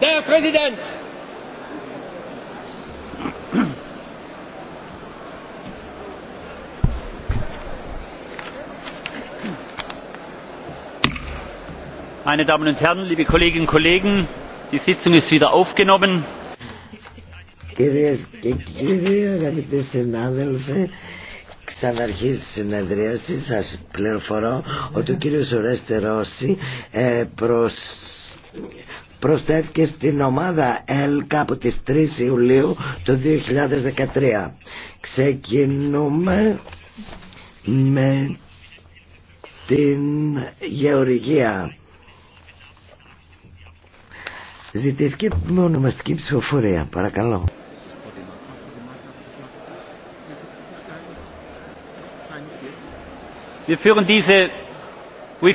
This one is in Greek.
Der Präsident! Meine Damen und Herren, και κύριοι, αγαπητοί συνάδελφοι, ξαναρχίζει η συνεδρίαση. Σας πληροφορώ ότι ο κύριος Ρέστε Ρώση ε, προσθέθηκε στην ομάδα ΕΛΚ από τις 3 Ιουλίου του 2013. Ξεκινούμε με την γεωργία. Ζητήθηκε ονομαστική ψηφοφορία. Παρακαλώ. Wir führen diese, we